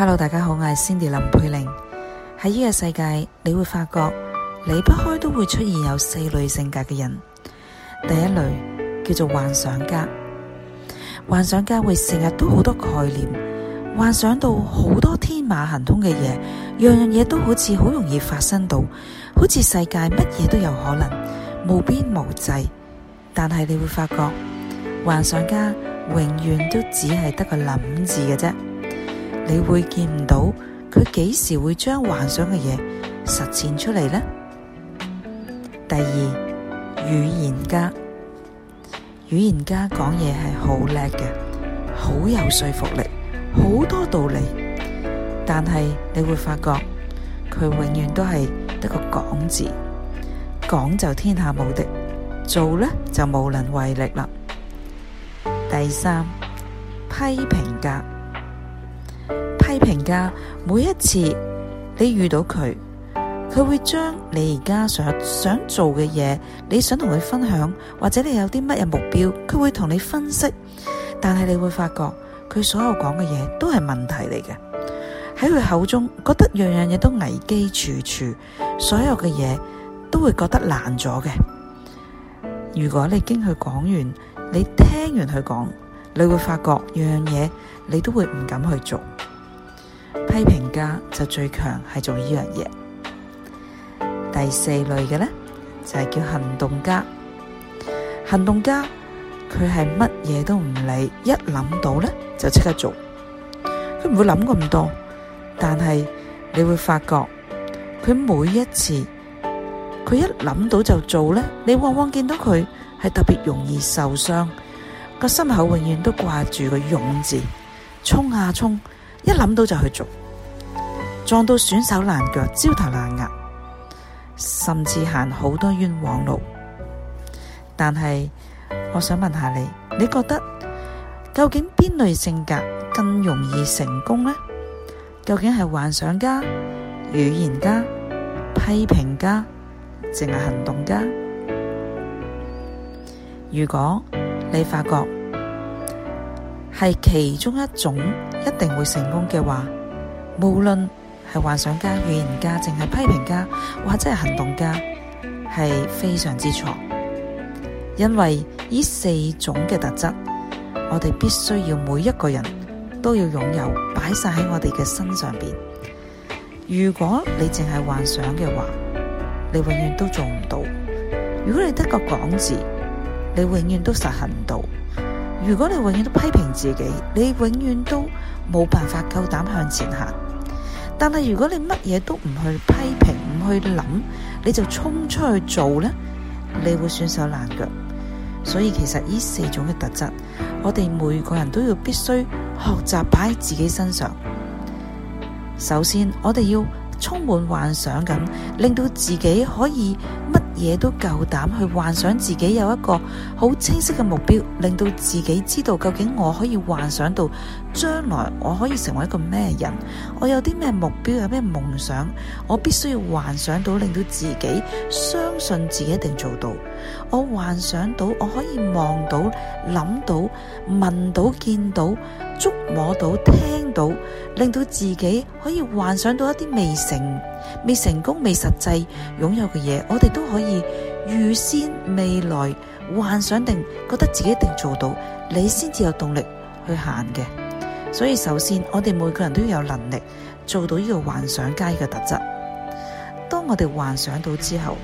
Hello，大家好，我係 Cindy 林佩玲。喺呢個世界，你會發覺離不開都會出現有四類性格嘅人。第一類叫做幻想家，幻想家會成日都好多概念，幻想到好多天馬行空嘅嘢，樣樣嘢都好似好容易發生到，好似世界乜嘢都有可能，無邊無際。但係你會發覺，幻想家永遠都只係得個諗字嘅啫。你會見唔到佢幾時會將幻想嘅嘢實踐出嚟呢？第二，語言家，語言家講嘢係好叻嘅，好有說服力，好多道理。但係你會發覺佢永遠都係得個講字，講就天下無敵，做咧就無能為力啦。第三，批評家。批評家每一次，你遇到佢，佢會將你而家想想做嘅嘢，你想同佢分享，或者你有啲乜嘢目標，佢會同你分析。但係你會發覺佢所有講嘅嘢都係問題嚟嘅。喺佢口中覺得樣樣嘢都危機處處，所有嘅嘢都會覺得難咗嘅。如果你經佢講完，你聽完佢講，你會發覺樣樣嘢你都會唔敢去做。批評家就最強係做呢樣嘢。第四類嘅呢，就係叫行動家。行動家佢係乜嘢都唔理，一諗到呢，就即刻做。佢唔會諗咁多，但係你會發覺佢每一次佢一諗到就做呢，你往往見到佢係特別容易受傷，個心口永遠都掛住個勇字，衝啊衝。一諗到就去做，撞到損手爛腳、焦頭爛額，甚至行好多冤枉路。但係，我想問下你，你覺得究竟邊類性格更容易成功呢？究竟係幻想家、語言家、批評家，淨係行動家？如果你發覺係其中一種。一定會成功嘅話，無論係幻想家、語言家，淨係批評家，或者係行動家，係非常之錯。因為呢四種嘅特質，我哋必須要每一個人都要擁有，擺晒喺我哋嘅身上邊。如果你淨係幻想嘅話，你永遠都做唔到；如果你得個講字，你永遠都實行唔到。如果你永遠都批評自己，你永遠都冇辦法夠膽向前行。但係如果你乜嘢都唔去批評，唔去諗，你就衝出去做呢，你會損手爛腳。所以其實呢四種嘅特質，我哋每個人都要必須學習擺喺自己身上。首先，我哋要充滿幻想，噉，令到自己可以乜。嘢都夠膽去幻想自己有一個好清晰嘅目標，令到自己知道究竟我可以幻想到將來我可以成為一個咩人，我有啲咩目標，有咩夢想，我必須要幻想到，令到自己相信自己一定做到。我幻想到，我可以望到、諗到、問到、見到、捉摸到、聽到，令到自己可以幻想到一啲未成、未成功、未實際擁有嘅嘢，我哋都可以預先未來幻想定覺得自己一定做到，你先至有動力去行嘅。所以首先，我哋每個人都要有能力做到呢個幻想家嘅特質。當我哋幻想到之後，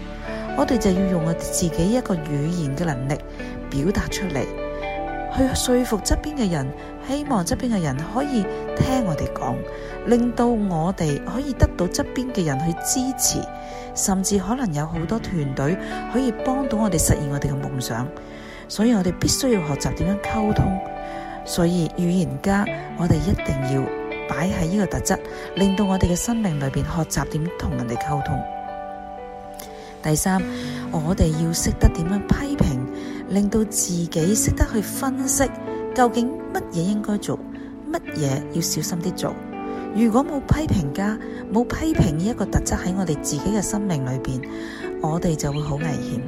我哋就要用我自己一個語言嘅能力表達出嚟，去說服側邊嘅人。希望側邊嘅人可以聽我哋講，令到我哋可以得到側邊嘅人去支持，甚至可能有好多團隊可以幫到我哋實現我哋嘅夢想。所以我哋必須要學習點樣溝通。所以語言家，我哋一定要擺喺呢個特質，令到我哋嘅生命裏邊學習點同人哋溝通。第三，我哋要識得點樣批評，令到自己識得去分析。究竟乜嘢應該做，乜嘢要小心啲做？如果冇批評家，冇批評呢一個特質喺我哋自己嘅生命裏邊，我哋就會好危險。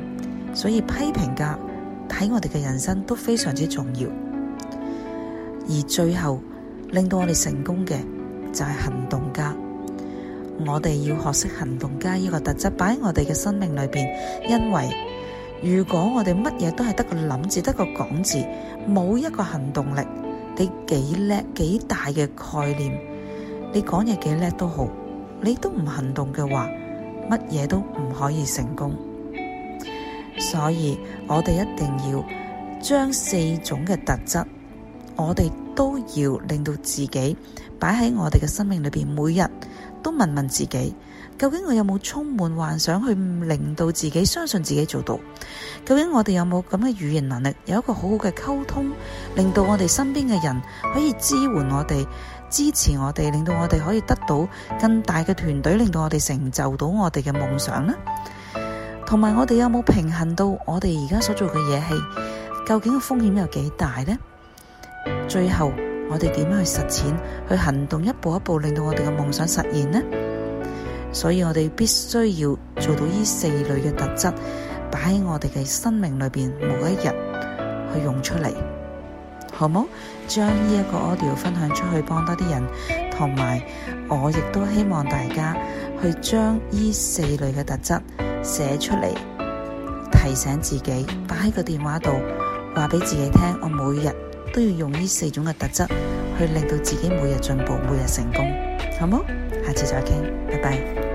所以批評家喺我哋嘅人生都非常之重要。而最後令到我哋成功嘅就係行動家，我哋要學識行動家呢個特質擺喺我哋嘅生命裏邊，因為。如果我哋乜嘢都係得個諗字，得個講字，冇一個行動力，你幾叻幾大嘅概念，你講嘢幾叻都好，你都唔行動嘅話，乜嘢都唔可以成功。所以我哋一定要將四種嘅特質，我哋都要令到自己擺喺我哋嘅生命裏面，每日。都問問自己，究竟我有冇充滿幻想去令到自己相信自己做到？究竟我哋有冇咁嘅語言能力，有一個好好嘅溝通，令到我哋身邊嘅人可以支援我哋、支持我哋，令到我哋可以得到更大嘅團隊，令到我哋成就到我哋嘅夢想咧？同埋我哋有冇平衡到我哋而家所做嘅嘢係究竟嘅風險有幾大咧？最後。我哋點樣去實踐去行動，一步一步令到我哋嘅夢想實現呢？所以我哋必須要做到呢四類嘅特質，擺喺我哋嘅生命裏邊，每一日去用出嚟，好冇？將呢一個 audio 分享出去，幫多啲人，同埋我亦都希望大家去將呢四類嘅特質寫出嚟，提醒自己，擺喺個電話度，話俾自己聽，我每日。都要用呢四種嘅特質去令到自己每日進步，每日成功，好冇？下次再傾，拜拜。